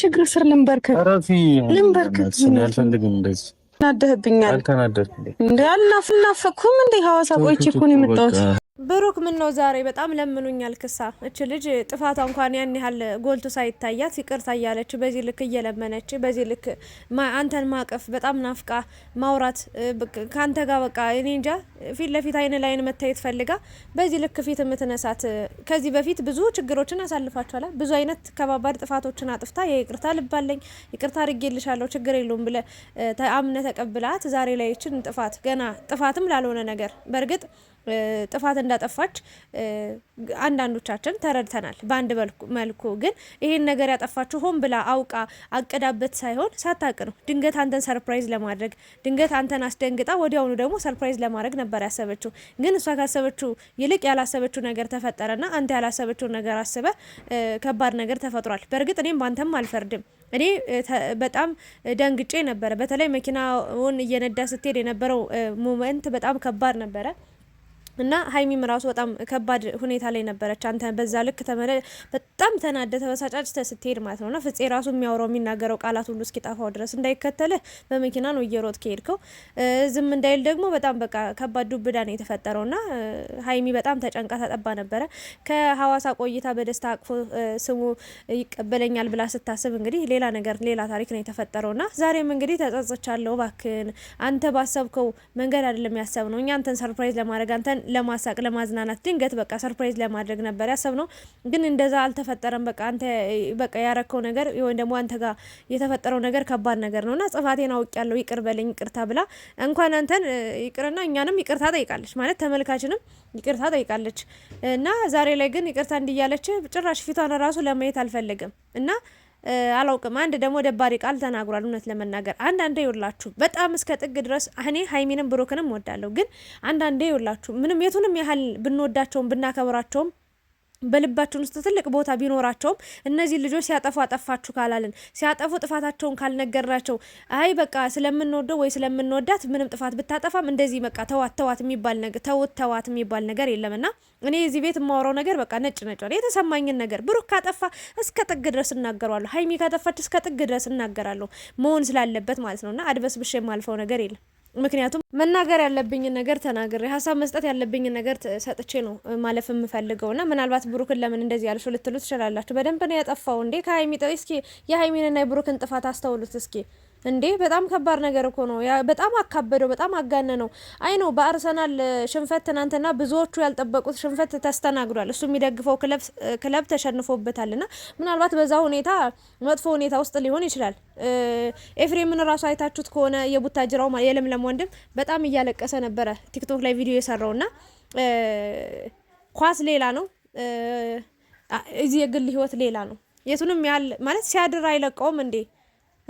ችግር ስር ልንበርከክ ልንበርከክ አልፈልግም። እንደዚህ አልተናደድኩም አልናፍናፈኩም እንዴ? ሐዋሳ ቆይቼ እኮ ነው የመጣሁት። ብሩክ ምን ነው ዛሬ በጣም ለምኑኛል። ክሳ እች ልጅ ጥፋቷ እንኳን ያን ያህል ጎልቶ ሳይታያት ይቅርታ እያለች በዚህ ልክ እየለመነች በዚህ ልክ አንተን ማቀፍ በጣም ናፍቃ ማውራት ከአንተ ጋር በቃ እኔ እንጃ ፊት ለፊት አይን ላይን መታየት ፈልጋ በዚህ ልክ ፊት የምትነሳት ከዚህ በፊት ብዙ ችግሮችን አሳልፋችኋላ። ብዙ አይነት ከባባድ ጥፋቶችን አጥፍታ የይቅርታ ልባለኝ ይቅርታ አድርጌልሻለሁ ችግር የለውም ብለ አምነ ተቀብላት ዛሬ ላይችን ጥፋት ገና ጥፋትም ላልሆነ ነገር በእርግጥ ጥፋት እንዳጠፋች አንዳንዶቻችን ተረድተናል። በአንድ መልኩ ግን ይህን ነገር ያጠፋችው ሆን ብላ አውቃ አቅዳበት ሳይሆን ሳታቅ ነው። ድንገት አንተን ሰርፕራይዝ ለማድረግ ድንገት አንተን አስደንግጣ ወዲያውኑ ደግሞ ሰርፕራይዝ ለማድረግ ነበር ያሰበችው። ግን እሷ ካሰበችው ይልቅ ያላሰበችው ነገር ተፈጠረና አንተ ያላሰበችው ነገር አስበ ከባድ ነገር ተፈጥሯል። በእርግጥ እኔም በአንተም አልፈርድም። እኔ በጣም ደንግጬ ነበረ። በተለይ መኪናውን እየነዳ ስትሄድ የነበረው ሞመንት በጣም ከባድ ነበረ። እና ሀይሚም ራሱ በጣም ከባድ ሁኔታ ላይ ነበረች። አንተ በዛ ልክ ተመለ በጣም ተናደ ተበሳጫጭተ ስትሄድ ማለት ነውና ፍፄ ራሱ የሚያወራው የሚናገረው ቃላት ሁሉ እስኪጣፋው ድረስ እንዳይከተልህ በመኪና ነው እየሮጥ ከሄድከው ዝም እንዳይል ደግሞ በጣም በቃ ከባድ ዱብዳ ነው ና ሀይሚ በጣም ተጨንቃ ተጠባ ነበረ። ከሀዋሳ ቆይታ በደስታ አቅፎ ስሙ ይቀበለኛል ብላ ስታስብ እንግዲህ ሌላ ነገር ሌላ ታሪክ ነው ና ዛሬም እንግዲህ ተጸጽቻለሁ፣ ባክን አንተ ባሰብከው መንገድ አይደለም ያሰብ ነው እኛ አንተን ሰርፕራይዝ ለማድረግ አንተን ለማሳቅ ለማዝናናት ድንገት በቃ ሰርፕራይዝ ለማድረግ ነበር ያሰብ ነው ግን እንደዛ አልተ አልተፈጠረም። በቃ አንተ በቃ ያረከው ነገር ወይም ደግሞ አንተ ጋር የተፈጠረው ነገር ከባድ ነገር ነውና ጽፋቴን ያለው ይቅር በለኝ፣ ይቅርታ ብላ እንኳን አንተን ይቅርና እኛንም ይቅርታ ጠይቃለች ማለት ተመልካችንም ይቅርታ ጠይቃለች። እና ዛሬ ላይ ግን ይቅርታ እንዲያለች ጭራሽ ፊቷን ራሱ ለማየት አልፈለግም እና አላውቅም። አንድ ደግሞ ደባሪ ቃል ተናግሯል። እውነት ለመናገር አንዳንዴ ይውላችሁ በጣም እስከ ጥግ ድረስ እኔ ሀይሚንም ብሩክንም ወዳለሁ፣ ግን አንዳንዴ ይውላችሁ ምንም የቱንም ያህል ብንወዳቸውም ብናከብራቸውም በልባችን ውስጥ ትልቅ ቦታ ቢኖራቸውም እነዚህ ልጆች ሲያጠፉ አጠፋችሁ ካላልን ሲያጠፉ ጥፋታቸውን ካልነገርናቸው አይ በቃ ስለምንወደው ወይ ስለምንወዳት ምንም ጥፋት ብታጠፋም እንደዚህ በቃ ተዋት ተዋት የሚባል ነገር ተውት ተዋት የሚባል ነገር የለምና እኔ እዚህ ቤት የማወራው ነገር በቃ ነጭ ነጭ የተሰማኝን ነገር ብሩክ ካጠፋ እስከ ጥግ ድረስ እናገራለሁ። ሀይሚ ካጠፋች እስከ ጥግ ድረስ እናገራለሁ። መሆን ስላለበት ማለት ነውና አድበስ ብሽ የማልፈው ነገር የለም። ምክንያቱም መናገር ያለብኝን ነገር ተናግሬ ሀሳብ መስጠት ያለብኝን ነገር ሰጥቼ ነው ማለፍ የምፈልገው እና ምናልባት ብሩክን ለምን እንደዚህ ያልሽው ልትሉ ትችላላችሁ። በደንብ ነው ያጠፋው እንዴ ከሀይሚ እስኪ የሀይሚንና የብሩክን ጥፋት አስተውሉት እስኪ እንዴ በጣም ከባድ ነገር እኮ ነው። በጣም አካበደው፣ በጣም አጋነ ነው። አይ ነው በአርሰናል ሽንፈት ትናንትና ብዙዎቹ ያልጠበቁት ሽንፈት ተስተናግዷል። እሱ የሚደግፈው ክለብ ተሸንፎበታል። ና ምናልባት በዛ ሁኔታ መጥፎ ሁኔታ ውስጥ ሊሆን ይችላል። ኤፍሬምን ራሱ አይታችሁት ከሆነ የቡታጅራው የለምለም ወንድም በጣም እያለቀሰ ነበረ ቲክቶክ ላይ ቪዲዮ የሰራው ና ኳስ ሌላ ነው፣ እዚህ የግል ህይወት ሌላ ነው። የቱንም ያህል ማለት ሲያድር አይለቀውም እንዴ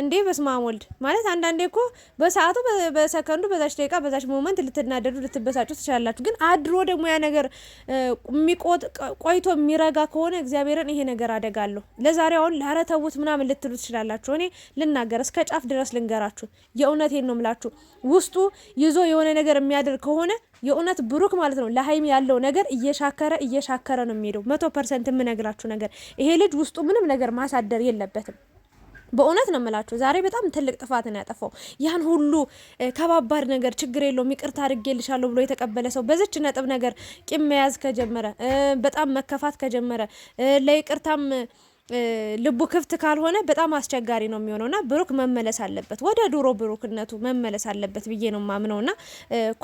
እንዴ በስማሞልድ ማለት አንዳንዴ እኮ በሰዓቱ በሰከንዱ በዛች ደቂቃ በዛች ሞመንት ልትናደዱ ልትበሳጩ ትችላላችሁ። ግን አድሮ ደግሞ ያ ነገር የሚቆጥ ቆይቶ የሚረጋ ከሆነ እግዚአብሔርን ይሄ ነገር አደጋለሁ ለዛሬ አሁን ላረተውት ምናምን ልትሉ ትችላላችሁ። እኔ ልናገር እስከ ጫፍ ድረስ ልንገራችሁ። የእውነቴን ነው ምላችሁ ውስጡ ይዞ የሆነ ነገር የሚያደርግ ከሆነ የእውነት ብሩክ ማለት ነው ለሀይሚ ያለው ነገር እየሻከረ እየሻከረ ነው የሚሄደው። መቶ ፐርሰንት የምነግራችሁ ነገር ይሄ ልጅ ውስጡ ምንም ነገር ማሳደር የለበትም። በእውነት ነው የምላችሁ፣ ዛሬ በጣም ትልቅ ጥፋት ነው ያጠፋው። ያን ሁሉ ከባባድ ነገር ችግር የለውም ይቅርታ አድርጌልሻለሁ ብሎ የተቀበለ ሰው በዚች ነጥብ ነገር ቂም መያዝ ከጀመረ፣ በጣም መከፋት ከጀመረ፣ ለይቅርታም ልቡ ክፍት ካልሆነ በጣም አስቸጋሪ ነው የሚሆነውና ብሩክ መመለስ አለበት፣ ወደ ድሮ ብሩክነቱ መመለስ አለበት ብዬ ነው ማምነውና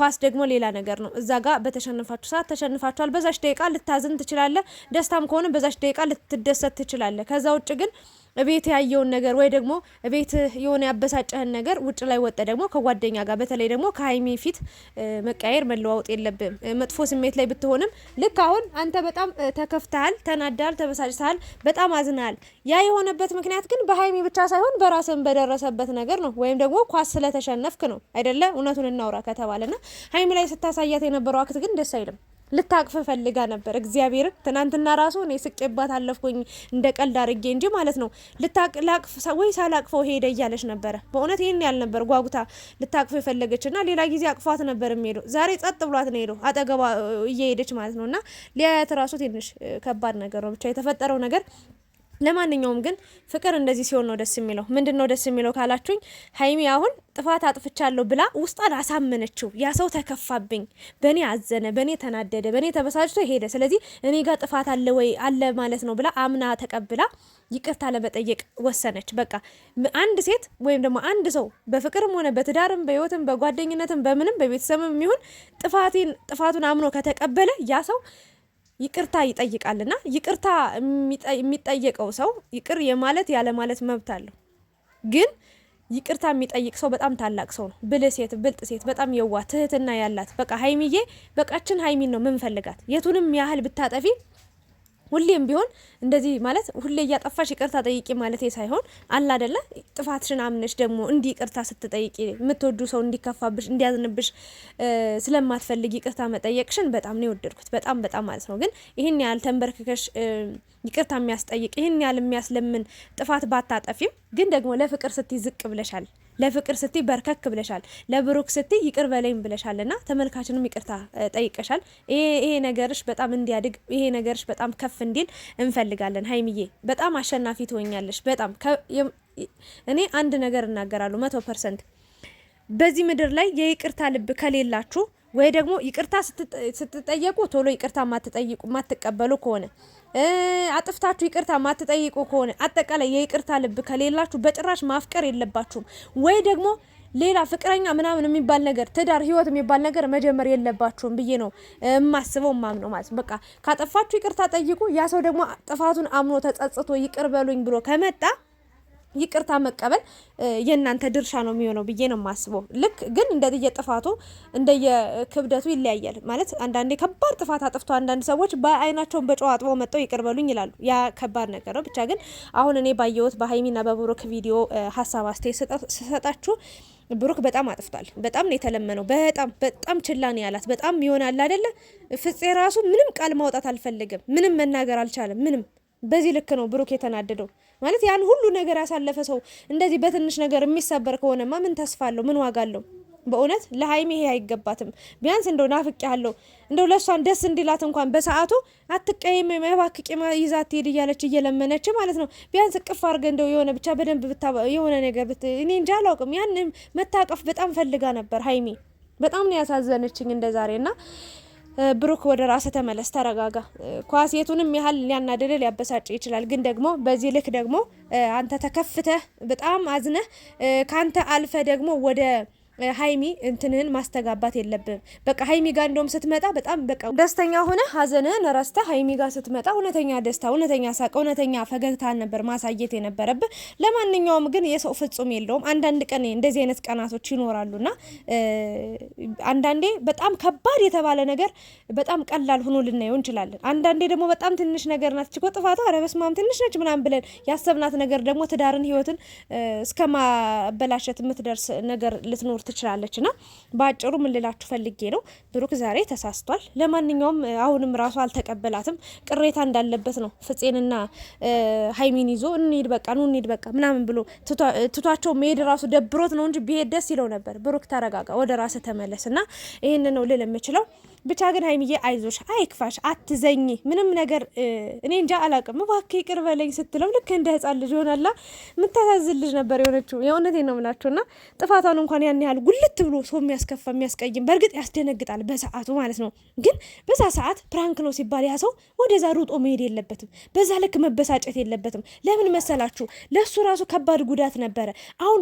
ኳስ ደግሞ ሌላ ነገር ነው። እዛ ጋር በተሸንፋችሁ ሰዓት ተሸንፋችኋል። በዛች ደቂቃ ልታዝን ትችላለ፣ ደስታም ከሆነ በዛች ደቂቃ ልትደሰት ትችላለ። ከዛ ውጭ ግን ቤት ያየውን ነገር ወይ ደግሞ ቤት የሆነ ያበሳጨህን ነገር ውጭ ላይ ወጠ ደግሞ ከጓደኛ ጋር በተለይ ደግሞ ከሀይሚ ፊት መቀያየር መለዋወጥ የለብም። መጥፎ ስሜት ላይ ብትሆንም ልክ አሁን አንተ በጣም ተከፍተሃል፣ ተናዳል፣ ተበሳጭተሃል፣ በጣም አዝናል። ያ የሆነበት ምክንያት ግን በሀይሚ ብቻ ሳይሆን በራስን በደረሰበት ነገር ነው፣ ወይም ደግሞ ኳስ ስለተሸነፍክ ነው አይደለ? እውነቱን እናውራ ከተባለና ሀይሚ ላይ ስታሳያት የነበረው አክት ግን ደስ አይልም። ልታቅፍ ፈልጋ ነበር። እግዚአብሔር ትናንትና ራሱ እኔ ስቄባት አለፍኩኝ እንደ ቀልድ አድርጌ እንጂ ማለት ነው። ልታቅፍ ወይ ሳላቅፈው ሄደ እያለች ነበረ። በእውነት ይህን ያል ነበር ጓጉታ ልታቅፍ የፈለገች እና ሌላ ጊዜ አቅፏት ነበር የሚሄደው። ዛሬ ጸጥ ብሏት ነው ሄደው አጠገባ እየሄደች ማለት ነው። እና ሊያያት ራሱ ትንሽ ከባድ ነገር ነው። ብቻ የተፈጠረው ነገር ለማንኛውም ግን ፍቅር እንደዚህ ሲሆን ነው ደስ የሚለው። ምንድን ነው ደስ የሚለው ካላችሁኝ፣ ሀይሚ አሁን ጥፋት አጥፍቻለሁ ብላ ውስጧን አሳመነችው። ያ ሰው ተከፋብኝ፣ በእኔ አዘነ፣ በእኔ ተናደደ፣ በእኔ ተበሳጭቶ ሄደ። ስለዚህ እኔ ጋር ጥፋት አለ ወይ አለ ማለት ነው ብላ አምና ተቀብላ ይቅርታ ለመጠየቅ ወሰነች። በቃ አንድ ሴት ወይም ደግሞ አንድ ሰው በፍቅርም ሆነ በትዳርም በህይወትም በጓደኝነትም በምንም በቤተሰብም ይሁን ጥፋቱን አምኖ ከተቀበለ ያ ሰው ይቅርታ ይጠይቃልና ይቅርታ የሚጠየቀው ሰው ይቅር የማለት ያለ ማለት መብት አለው። ግን ይቅርታ የሚጠይቅ ሰው በጣም ታላቅ ሰው ነው። ብልህ ሴት፣ ብልጥ ሴት፣ በጣም የዋ ትህትና ያላት በቃ ሀይሚዬ በቃችን ሀይሚን ነው ምንፈልጋት የቱንም ያህል ብታጠፊ ሁሌም ቢሆን እንደዚህ ማለት ሁሌ እያጠፋሽ ይቅርታ ጠይቂ ማለት ሳይሆን አላ አደለ ጥፋትሽን አምነሽ ደግሞ እንዲህ ይቅርታ ስትጠይቂ የምትወዱ ሰው እንዲከፋብሽ እንዲያዝንብሽ ስለማትፈልግ ይቅርታ መጠየቅሽን በጣም ነው የወደድኩት። በጣም በጣም ማለት ነው። ግን ይህን ያህል ተንበርክከሽ ይቅርታ የሚያስጠይቅ ይህን ያህል የሚያስለምን ጥፋት ባታጠፊም ግን ደግሞ ለፍቅር ስትይ ዝቅ ብለሻል። ለፍቅር ስትይ በርከክ ብለሻል፣ ለብሩክ ስትይ ይቅር በለኝ ብለሻል እና ተመልካችንም ይቅርታ ጠይቀሻል። ይሄ ነገርሽ በጣም እንዲያድግ ይሄ ነገርሽ በጣም ከፍ እንዲል እንፈልጋለን። ሀይሚዬ በጣም አሸናፊ ትሆኛለሽ። በጣም እኔ አንድ ነገር እናገራሉ መቶ ፐርሰንት በዚህ ምድር ላይ የይቅርታ ልብ ከሌላችሁ ወይ ደግሞ ይቅርታ ስትጠየቁ ቶሎ ይቅርታ ማትጠይቁ ማትቀበሉ ከሆነ አጥፍታችሁ ይቅርታ ማትጠይቁ ከሆነ አጠቃላይ የይቅርታ ልብ ከሌላችሁ በጭራሽ ማፍቀር የለባችሁም ወይ ደግሞ ሌላ ፍቅረኛ ምናምን የሚባል ነገር ትዳር ህይወት የሚባል ነገር መጀመር የለባችሁም ብዬ ነው የማስበው። ማም ነው ማለት በቃ ካጠፋችሁ ይቅርታ ጠይቁ። ያ ሰው ደግሞ ጥፋቱን አምኖ ተጸጽቶ ይቅር በሉኝ ብሎ ከመጣ ይቅርታ መቀበል የእናንተ ድርሻ ነው የሚሆነው ብዬ ነው የማስበው። ልክ ግን እንደየ ጥፋቱ እንደየ ክብደቱ ይለያያል ማለት አንዳንዴ ከባድ ጥፋት አጥፍቶ አንዳንድ ሰዎች በአይናቸውን በጨው አጥበው መጥተው ይቅር በሉኝ ይላሉ። ያ ከባድ ነገር ነው። ብቻ ግን አሁን እኔ ባየሁት በሀይሚና በብሩክ ቪዲዮ ሀሳብ አስተያየት ስሰጣችሁ ብሩክ በጣም አጥፍቷል። በጣም ነው የተለመነው። በጣም በጣም ችላ ነው ያላት። በጣም ይሆናል አይደለ ፍፄ ራሱ ምንም ቃል ማውጣት አልፈለገም። ምንም መናገር አልቻለም። ምንም በዚህ ልክ ነው ብሩክ የተናደደው። ማለት ያን ሁሉ ነገር ያሳለፈ ሰው እንደዚህ በትንሽ ነገር የሚሰበር ከሆነማ ምን ተስፋ አለው? ምን ዋጋ አለው? በእውነት ለሀይሜ ይሄ አይገባትም። ቢያንስ እንደው ናፍቅ ያለው እንደው ለእሷን ደስ እንዲላት እንኳን በሰዓቱ አትቀይም መባክቂ ይዛት ትሄድ እያለች እየለመነች ማለት ነው። ቢያንስ እቅፍ አድርገ እንደው የሆነ ብቻ በደንብ የሆነ ነገር ብት እኔ እንጃ አላውቅም። ያን መታቀፍ በጣም ፈልጋ ነበር ሀይሜ። በጣም ነው ያሳዘነችኝ እንደ ዛሬ ና ብሩክ ወደ ራስ ተመለስ፣ ተረጋጋ። ኳስ የቱንም ያህል ሊያናድድ ሊያበሳጭ ይችላል፣ ግን ደግሞ በዚህ ልክ ደግሞ አንተ ተከፍተህ በጣም አዝነህ ከአንተ አልፈ ደግሞ ወደ ሀይሚ እንትንህን ማስተጋባት የለብም። በቃ ሀይሚ ጋር እንደውም ስትመጣ በጣም በቃ ደስተኛ ሆነ ሀዘንህን ረስተ ሀይሚ ጋር ስትመጣ እውነተኛ ደስታ፣ እውነተኛ ሳቅ፣ እውነተኛ ፈገግታን ነበር ማሳየት የነበረብህ። ለማንኛውም ግን የሰው ፍጹም የለውም። አንዳንድ ቀን እንደዚህ አይነት ቀናቶች ይኖራሉና አንዳንዴ በጣም ከባድ የተባለ ነገር በጣም ቀላል ሆኖ ልናየው እንችላለን። አንዳንዴ ደግሞ በጣም ትንሽ ነገር ናት ችኮ ጥፋቷ፣ ኧረ በስመ አብ ትንሽ ነች ምናምን ብለን ያሰብናት ነገር ደግሞ ትዳርን ህይወትን እስከማበላሸት የምትደርስ ነገር ልትኖር ትችላለች። ና በአጭሩ ምን ፈልጌ ነው ብሩክ ዛሬ ተሳስቷል። ለማንኛውም አሁንም ራሱ አልተቀበላትም፣ ቅሬታ እንዳለበት ነው። ፍጼንና ሀይሚን ይዞ እንሂድ በቃ ኑ እንሂድ በቃ ምናምን ብሎ ትቷቸው መሄድ ራሱ ደብሮት ነው እንጂ ብሄድ ደስ ይለው ነበር። ብሩክ ተረጋጋ፣ ወደ ራስህ ተመለስ ና ይህን ነው ልል የምችለው። ብቻ ግን ሀይሚዬ አይዞሽ፣ አይክፋሽ፣ አትዘኝ። ምንም ነገር እኔ እንጃ አላቅም እባክህ ይቅር በለኝ ስትለው ልክ እንደ ህፃን ልጅ ሆናላ የምታሳዝን ልጅ ነበር የሆነችው። የእውነቴ ነው ምላችሁ እና ጥፋቷን እንኳን ያን ያህል ጉልት ብሎ ሰው የሚያስከፋ የሚያስቀይም፣ በእርግጥ ያስደነግጣል በሰዓቱ ማለት ነው። ግን በዛ ሰዓት ፕራንክ ነው ሲባል ያ ሰው ወደዛ ሩጦ መሄድ የለበትም። በዛ ልክ መበሳጨት የለበትም። ለምን መሰላችሁ? ለእሱ ራሱ ከባድ ጉዳት ነበረ። አሁን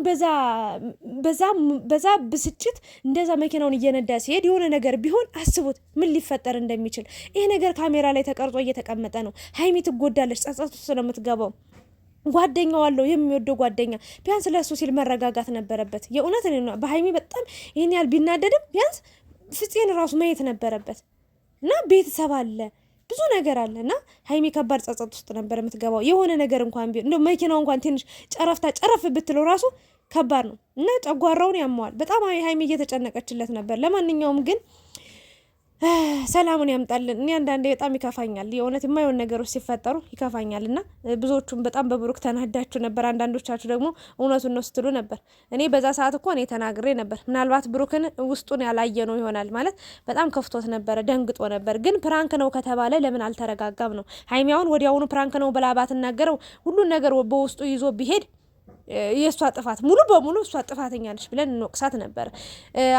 በዛ በዛ ብስጭት እንደዛ መኪናውን እየነዳ ሲሄድ የሆነ ነገር ቢሆን አስቡ አስቡት ምን ሊፈጠር እንደሚችል። ይሄ ነገር ካሜራ ላይ ተቀርጾ እየተቀመጠ ነው። ሀይሚ ትጎዳለች፣ ጸጸቱ ስለምትገባው ጓደኛው አለው የሚወደው ጓደኛ ቢያንስ ለእሱ ሲል መረጋጋት ነበረበት። የእውነት በሀይሚ በጣም ይህን ያህል ቢናደድም ቢያንስ ፍፄን ራሱ ማየት ነበረበት እና ቤተሰብ አለ ብዙ ነገር አለ እና ሀይሚ ከባድ ጸጸት ውስጥ ነበር የምትገባው። የሆነ ነገር እንኳን ቢሆን እንደ መኪናው እንኳን ትንሽ ጨረፍታ ጨረፍ ብትለው ራሱ ከባድ ነው እና ጨጓራውን ያመዋል። በጣም ሀይሚ እየተጨነቀችለት ነበር። ለማንኛውም ግን ሰላሙን ያምጣልን። እኔ አንዳንዴ በጣም ይከፋኛል፣ የእውነት የማይሆን ነገሮች ሲፈጠሩ ይከፋኛል። እና ብዙዎቹም በጣም በብሩክ ተናዳችሁ ነበር፣ አንዳንዶቻችሁ ደግሞ እውነቱን ነው ስትሉ ነበር። እኔ በዛ ሰዓት እኮ እኔ ተናግሬ ነበር። ምናልባት ብሩክን ውስጡን ያላየ ነው ይሆናል ማለት በጣም ከፍቶት ነበረ፣ ደንግጦ ነበር። ግን ፕራንክ ነው ከተባለ ለምን አልተረጋጋም ነው? ሀይሚያውን ወዲያውኑ ፕራንክ ነው ብላ ባትናገረው ሁሉን ነገር በውስጡ ይዞ ቢሄድ የእሷ ጥፋት ሙሉ በሙሉ እሷ ጥፋተኛ ነች ብለን እንወቅሳት ነበር።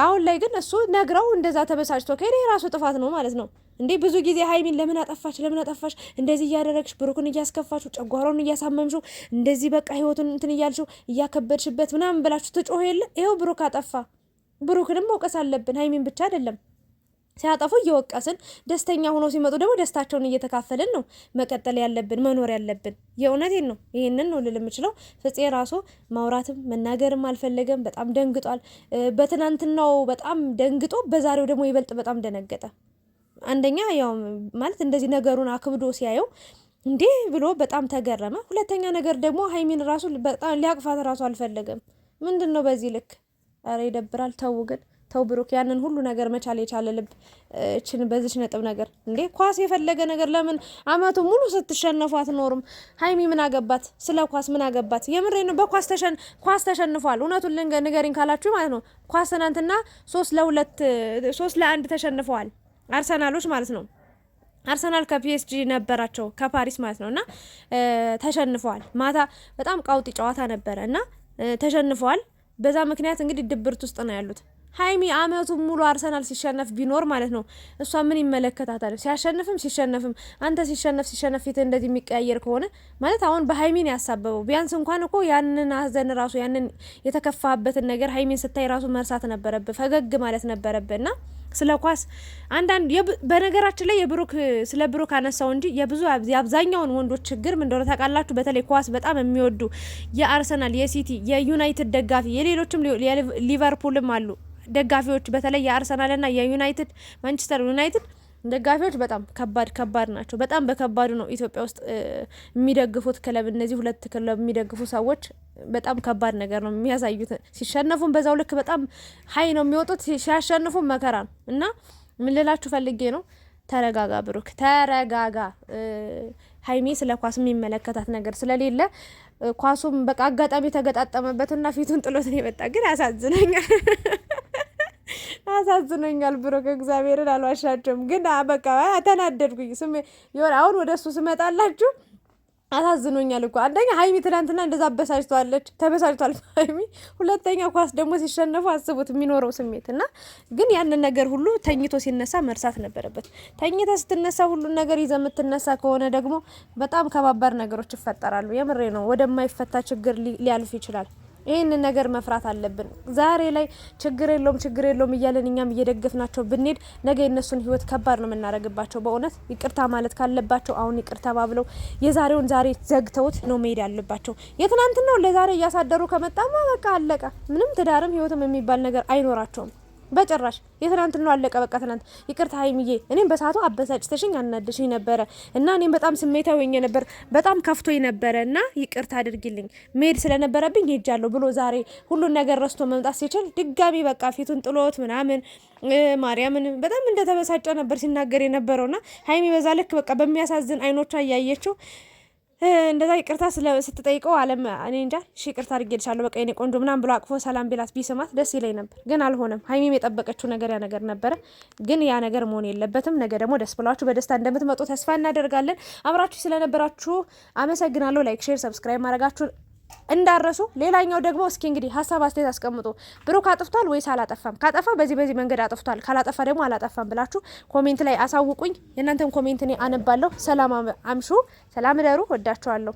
አሁን ላይ ግን እሱ ነግረው እንደዛ ተበሳጭቶ ከሄደ የራሱ ጥፋት ነው ማለት ነው። እንዴ ብዙ ጊዜ ሀይሚን ለምን አጠፋች ለምን አጠፋች እንደዚህ እያደረግሽ ብሩክን እያስከፋችሁ ጨጓራውን እያሳመምሽው እንደዚህ በቃ ህይወቱን እንትን እያልሽው እያከበድሽበት ምናምን ብላችሁ ትጮህ የለ ይኸው ብሩክ አጠፋ። ብሩክንም መውቀስ አለብን ሀይሚን ብቻ አይደለም። ሲያጠፉ እየወቀስን ደስተኛ ሆኖ ሲመጡ ደግሞ ደስታቸውን እየተካፈልን ነው መቀጠል ያለብን መኖር ያለብን። የእውነቴን ነው። ይህንን ነው ልል የምችለው። ፍፄ ራሱ ማውራትም መናገርም አልፈለገም። በጣም ደንግጧል። በትናንትናው በጣም ደንግጦ በዛሬው ደግሞ ይበልጥ በጣም ደነገጠ። አንደኛ ያው ማለት እንደዚህ ነገሩን አክብዶ ሲያየው እንዴ ብሎ በጣም ተገረመ። ሁለተኛ ነገር ደግሞ ሀይሚን ራሱ በጣም ሊያቅፋት ራሱ አልፈለገም። ምንድን ነው በዚህ ልክ? ኧረ ይደብራል። ተው ግን ተው ብሩክ፣ ያንን ሁሉ ነገር መቻል የቻለ ልብ እችን በዚች ነጥብ ነገር እንዴ ኳስ የፈለገ ነገር ለምን አመቱ ሙሉ ስትሸነፉ ኖርም ሀይሚ ምን አገባት? ስለ ኳስ ምን አገባት? የምሬ ነው። በኳስ ተሸን ኳስ ተሸንፏል። እውነቱን ንገሪኝ ካላችሁ ማለት ነው ኳስ ትናንትና ሶስት ለሁለት ሶስት ለአንድ ተሸንፈዋል አርሰናሎች ማለት ነው። አርሰናል ከፒኤስጂ ነበራቸው ከፓሪስ ማለት ነው እና ተሸንፈዋል። ማታ በጣም ቀውጢ ጨዋታ ነበረ እና ተሸንፈዋል። በዛ ምክንያት እንግዲህ ድብርት ውስጥ ነው ያሉት። ሀይሚ አመቱን ሙሉ አርሰናል ሲሸነፍ ቢኖር ማለት ነው እሷ ምን ይመለከታታል? ሲያሸንፍም ሲሸነፍም አንተ ሲሸነፍ ሲሸነፍ ፊት እንደዚህ የሚቀያየር ከሆነ ማለት አሁን በሀይሚን ያሳበበው ቢያንስ እንኳን እኮ ያንን አዘን ራሱ ያንን የተከፋበትን ነገር ሀይሚን ስታይ ራሱ መርሳት ነበረብ ፈገግ ማለት ነበረብ እና ስለ ኳስ አንዳንድ በነገራችን ላይ የብሩክ ስለ ብሩክ አነሳው እንጂ የብዙ የአብዛኛውን ወንዶች ችግር ምን እንደሆነ ታውቃላችሁ? በተለይ ኳስ በጣም የሚወዱ የአርሰናል፣ የሲቲ፣ የዩናይትድ ደጋፊ የሌሎችም ሊቨርፑልም አሉ ደጋፊዎች በተለይ የአርሰናልና የዩናይትድ ማንቸስተር ዩናይትድ ደጋፊዎች በጣም ከባድ ከባድ ናቸው። በጣም በከባዱ ነው ኢትዮጵያ ውስጥ የሚደግፉት ክለብ እነዚህ ሁለት ክለብ የሚደግፉ ሰዎች በጣም ከባድ ነገር ነው የሚያሳዩት። ሲሸነፉም በዛው ልክ በጣም ሀይ ነው የሚወጡት፣ ሲያሸንፉ መከራ ነው እና ምን ልላችሁ ፈልጌ ነው ተረጋጋ ብሩክ፣ ተረጋጋ። ሀይሜ ስለ ኳስ የሚመለከታት ነገር ስለሌለ ኳሱም በቃ አጋጣሚ ተገጣጠመበትና ፊቱን ጥሎትን የመጣ ግን ያሳዝነኛል። አሳዝኖኛል ብሩክ እግዚአብሔርን አልዋሻቸውም። ግን በቃ ተናደድኩኝ። የሆነ አሁን ወደ እሱ ስመጣላችሁ አሳዝኖኛል እኮ አንደኛ ሀይሚ ትናንትና እንደዛ አበሳጭቷለች፣ ተበሳጭቷል ሀይሚ። ሁለተኛ ኳስ ደግሞ ሲሸነፉ አስቡት የሚኖረው ስሜት እና ግን ያንን ነገር ሁሉ ተኝቶ ሲነሳ መርሳት ነበረበት። ተኝተ ስትነሳ ሁሉን ነገር ይዘ የምትነሳ ከሆነ ደግሞ በጣም ከባባድ ነገሮች ይፈጠራሉ። የምሬ ነው። ወደማይፈታ ችግር ሊያልፍ ይችላል። ይህንን ነገር መፍራት አለብን። ዛሬ ላይ ችግር የለውም ችግር የለውም እያለን እኛም እየደገፍናቸው ብንሄድ ነገ የነሱን ህይወት ከባድ ነው የምናደርግባቸው። በእውነት ይቅርታ ማለት ካለባቸው አሁን ይቅርታ ባብለው የዛሬውን ዛሬ ዘግተውት ነው መሄድ ያለባቸው። የትናንትናው ለዛሬ እያሳደሩ ከመጣማ በቃ አለቀ። ምንም ትዳርም ህይወትም የሚባል ነገር አይኖራቸውም። በጭራሽ የትናንትናው አለቀ በቃ። ትናንት ይቅርታ ሀይሚዬ፣ እኔም በሰዓቱ አበሳጭተሽኝ አናደሽኝ ነበረ እና እኔም በጣም ስሜታዊ ሆኜ ነበር፣ በጣም ከፍቶኝ ነበረ እና ይቅርታ አድርጊልኝ፣ መሄድ ስለነበረብኝ ሄጃለሁ ብሎ ዛሬ ሁሉን ነገር ረስቶ መምጣት ሲችል ድጋሚ በቃ ፊቱን ጥሎት ምናምን ማርያምን በጣም እንደተበሳጨ ነበር ሲናገር የነበረውና ሀይሚ በዛ ልክ በቃ በሚያሳዝን አይኖቿ እያየችው እንደዛ ይቅርታ ስትጠይቀው አለም እኔ እንጃ እሺ ይቅርታ አድርጌልሻለሁ በቃ የእኔ ቆንጆ ምናምን ብሎ አቅፎ ሰላም ቢላት ቢስማት ደስ ይለኝ ነበር፣ ግን አልሆነም። ሀይሚም የጠበቀችው ነገር ያ ነገር ነበረ፣ ግን ያ ነገር መሆን የለበትም። ነገ ደግሞ ደስ ብሏችሁ በደስታ እንደምትመጡ ተስፋ እናደርጋለን። አብራችሁ ስለነበራችሁ አመሰግናለሁ። ላይክ፣ ሼር፣ ሰብስክራይብ ማድረጋችሁን እንዳረሱ ሌላኛው ደግሞ እስኪ እንግዲህ ሀሳብ አስተያየት አስቀምጡ። ብሩክ አጥፍቷል ወይስ አላጠፋም? ካጠፋ በዚህ በዚህ መንገድ አጥፍቷል፣ ካላጠፋ ደግሞ አላጠፋም ብላችሁ ኮሜንት ላይ አሳውቁኝ። የእናንተን ኮሜንት እኔ አነባለሁ። ሰላም አምሹ፣ ሰላም እደሩ። ወዳችኋለሁ።